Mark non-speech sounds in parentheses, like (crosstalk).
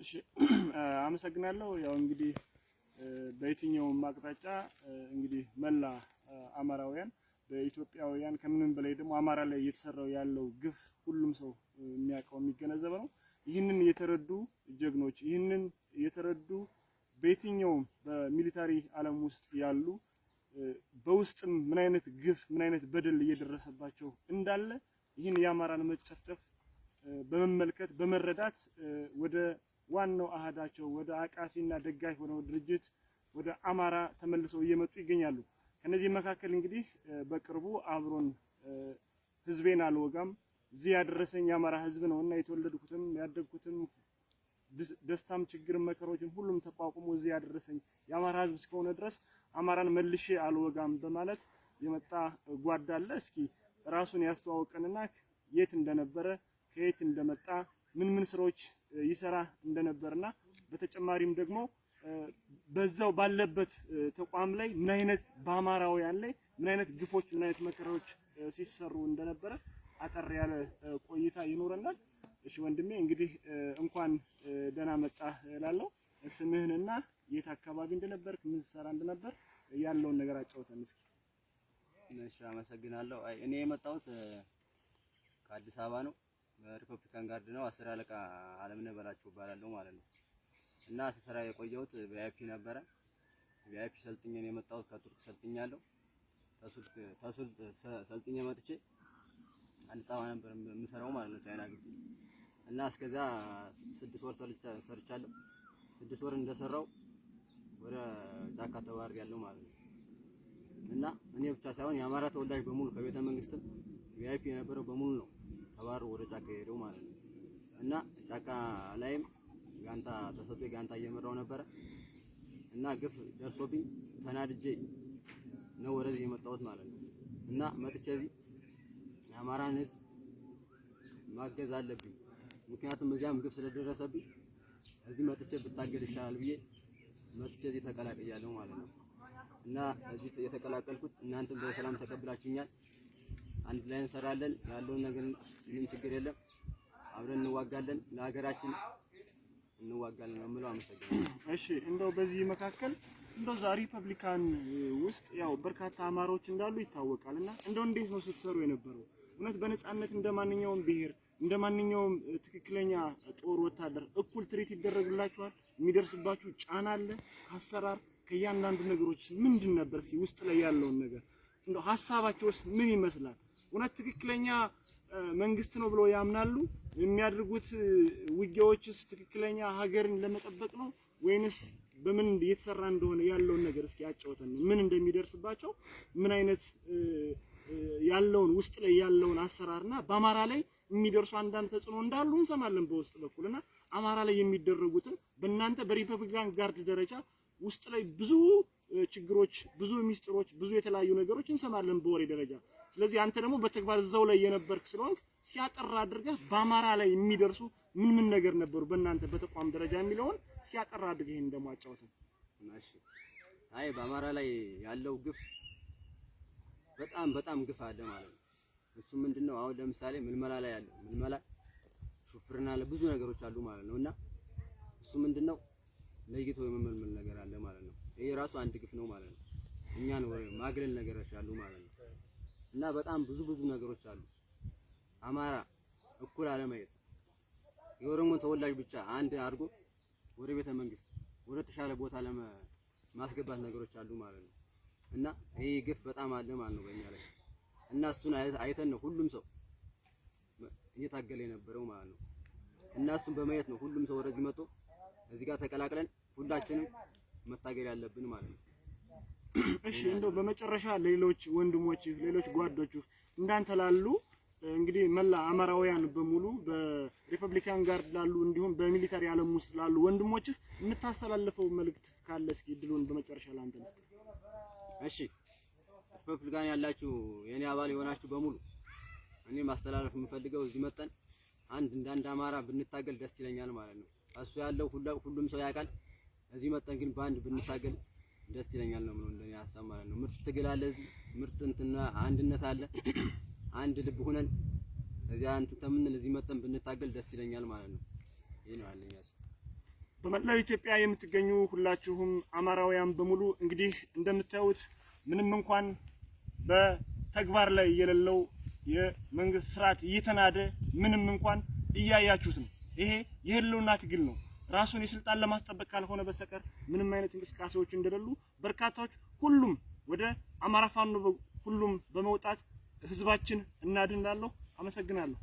እሺ (clears throat) አመሰግናለሁ። ያው እንግዲህ በየትኛውም አቅጣጫ እንግዲህ መላ አማራውያን በኢትዮጵያውያን ከምንም በላይ ደግሞ አማራ ላይ እየተሰራው ያለው ግፍ ሁሉም ሰው የሚያውቀው የሚገነዘበ ነው። ይህንን የተረዱ ጀግኖች፣ ይህንን የተረዱ በየትኛውም በሚሊታሪ ዓለም ውስጥ ያሉ በውስጥም ምን አይነት ግፍ ምን አይነት በደል እየደረሰባቸው እንዳለ ይህን የአማራን መጨፍጨፍ በመመልከት በመረዳት ወደ ዋናው አህዳቸው ወደ አቃፊና ደጋፊ ሆነው ድርጅት ወደ አማራ ተመልሰው እየመጡ ይገኛሉ። ከነዚህ መካከል እንግዲህ በቅርቡ አብሮን ህዝቤን አልወጋም እዚህ ያደረሰኝ የአማራ ህዝብ ነውና የተወለድኩትም ያደግኩትም ደስታም፣ ችግር፣ መከሮችን ሁሉም ተቋቁሞ እዚህ ያደረሰኝ የአማራ ህዝብ እስከሆነ ድረስ አማራን መልሼ አልወጋም በማለት የመጣ ጓዳ አለ። እስኪ ራሱን ያስተዋወቀንና የት እንደነበረ ከየት እንደመጣ ምን ምን ስራዎች ይሰራ እንደነበርና በተጨማሪም ደግሞ በዛው ባለበት ተቋም ላይ ምን አይነት በአማራውያን ላይ ምን አይነት ግፎች፣ ምን አይነት መከራዎች ሲሰሩ እንደነበረ አጠር ያለ ቆይታ ይኖረናል። እሺ ወንድሜ እንግዲህ እንኳን ደህና መጣ እላለሁ። ስምህንና የት አካባቢ እንደነበርክ ምን ሰራ እንደነበር ያለውን ነገር አጫውተን እስኪ። እሺ አመሰግናለሁ። አይ እኔ የመጣሁት ከአዲስ አበባ ነው። በሪፐብሊካን ጋርድ ነው። አስር አለቃ አለም በላቸው እባላለሁ ማለት ነው። እና ስሰራ የቆየሁት ቪአይፒ ነበረ። ቪአይፒ ሰልጥኜ ነው የመጣሁት። ከቱርክ ሰልጥኛለሁ። ተሱልክ ሰልጥኜ መጥቼ አንድ ጻማ ነበር የምሰራው ማለት ነው፣ ቻይና ግቢ እና እስከዛ ስድስት ወር ሰርቻለሁ። ስድስት ወር እንደሰራው ወደ ጫካ ያለው ማለት ነው። እና እኔ ብቻ ሳይሆን የአማራ ተወላጅ በሙሉ ከቤተ መንግስትም ቪአይፒ የነበረው በሙሉ ነው ተባሮ ወደ ጫካ የሄደው ማለት ነው። እና ጫካ ላይም ጋንታ ተሰጥቶ ጋንታ እየመራው ነበረ እና ግፍ ደርሶብኝ ተናድጄ ነው ወደዚህ የመጣሁት ማለት ነው። እና መጥቼ እዚህ የአማራን ሕዝብ ማገዝ አለብኝ። ምክንያቱም እዚያም ግፍ ስለደረሰብኝ እዚህ መጥቼ ብታገል ይሻላል ብዬ መጥቼ እዚህ ተቀላቅያለሁ ማለት ነው። እና እዚህ የተቀላቀልኩት እናንተም በሰላም ተቀብላችሁኛል። አንድ ላይ እንሰራለን። ያለውን ነገር ምንም ችግር የለም። አብረን እንዋጋለን፣ ለሀገራችን እንዋጋለን ነው የምለው። አመሰግናለሁ። እሺ እንደው በዚህ መካከል እንደው ዛ ሪፐብሊካን ውስጥ ያው በርካታ አማራዎች እንዳሉ ይታወቃል። እና እንደው እንዴት ነው ስትሰሩ የነበረው? እውነት በነፃነት እንደማንኛውም ብሔር እንደማንኛውም ትክክለኛ ጦር ወታደር እኩል ትሪት ይደረግላችኋል? የሚደርስባችሁ ጫና አለ? አሰራር ከእያንዳንዱ ነገሮች ምንድን ነበር? ውስጥ ላይ ያለውን ነገር እንደው ሀሳባቸውስ ምን ይመስላል? እውነት ትክክለኛ መንግስት ነው ብለው ያምናሉ? የሚያደርጉት ውጊያዎችስ ትክክለኛ ሀገርን ለመጠበቅ ነው ወይንስ በምን እየተሰራ እንደሆነ ያለውን ነገር እስኪ ያጫውተን። ምን እንደሚደርስባቸው ምን አይነት ያለውን ውስጥ ላይ ያለውን አሰራርና በአማራ ላይ የሚደርሱ አንዳንድ ተጽዕኖ እንዳሉ እንሰማለን በውስጥ በኩልና አማራ ላይ የሚደረጉትን በእናንተ በሪፐብሊካን ጋርድ ደረጃ ውስጥ ላይ ብዙ ችግሮች፣ ብዙ ሚስጥሮች፣ ብዙ የተለያዩ ነገሮች እንሰማለን በወሬ ደረጃ። ስለዚህ አንተ ደግሞ በተግባር እዛው ላይ የነበርክ ስለሆንክ ሲያጠራ አድርገህ በአማራ ላይ የሚደርሱ ምን ምን ነገር ነበሩ በእናንተ በተቋም ደረጃ የሚለውን ሲያጠራ አድርገህ ይሄን ደግሞ አጫውተን። እሺ፣ አይ በአማራ ላይ ያለው ግፍ በጣም በጣም ግፍ አለ ማለት ነው። እሱ ምንድነው አሁን ለምሳሌ ምልመላ ላይ ያለ ምልመላ፣ ሹፍርና ላይ ብዙ ነገሮች አሉ ማለት ነው። እና እሱ ምንድነው ለይቶ የመመልመል ነገር አለ ማለት ነው። ይሄ ራሱ አንድ ግፍ ነው ማለት ነው። እኛን ማግለል ነገሮች አሉ ማለት ነው። እና በጣም ብዙ ብዙ ነገሮች አሉ። አማራ እኩል አለማየት የኦሮሞን ተወላጅ ብቻ አንድ አድርጎ ወደ ቤተ መንግስት ወደ ተሻለ ቦታ ለማስገባት ነገሮች አሉ ማለት ነው። እና ይህ ግፍ በጣም አለ ማለት ነው በእኛ ላይ እና እሱን አይተን ነው ሁሉም ሰው እየታገለ የነበረው ማለት ነው። እና እሱን በማየት ነው ሁሉም ሰው ወደዚህ መጥቶ እዚህ ጋር ተቀላቅለን ሁላችንም መታገል ያለብን ማለት ነው። እሺ እንደው በመጨረሻ ሌሎች ወንድሞችህ ሌሎች ጓዶችህ እንዳንተ ላሉ እንግዲህ መላ አማራውያን በሙሉ በሪፐብሊካን ጋርድ ላሉ እንዲሁም በሚሊታሪ ዓለም ውስጥ ላሉ ወንድሞችህ የምታስተላልፈው መልእክት ካለ እስኪ እድሉን በመጨረሻ ላንተ ልስጥ። እሺ ሪፐብሊካን ያላችሁ የኔ አባል የሆናችሁ በሙሉ እኔ ማስተላለፍ የምፈልገው እዚህ መጠን አንድ እንዳንድ አማራ ብንታገል ደስ ይለኛል ማለት ነው። እሱ ያለው ሁሉም ሰው ያውቃል። እዚህ መጠን ግን በአንድ ብንታገል ደስ ይለኛል ነው ምንም እንደኔ ሀሳብ ማለት ነው። ምርጥ ትግል አለ እዚህ ምርጥ እንትና አንድነት አለ። (clears throat) አንድ ልብ ሆነን እዚያ እንትን ተምንል እዚህ መጠን ብንታገል ደስ ይለኛል ማለት ነው። ይሄ ነው ያለኝ ሀሳብ። በመላው ኢትዮጵያ የምትገኙ ሁላችሁም አማራውያን በሙሉ እንግዲህ እንደምታዩት ምንም እንኳን በተግባር ላይ የሌለው የመንግስት ስርዓት እየተናደ ምንም እንኳን እያያችሁት ነው። ይሄ የህልውና ትግል ነው። ራሱን የስልጣን ለማስጠበቅ ካልሆነ በስተቀር ምንም አይነት እንቅስቃሴዎች እንደሌሉ በርካታዎች ሁሉም ወደ አማራ ፋኖ ሁሉም በመውጣት ህዝባችን እናድናለሁ። አመሰግናለሁ።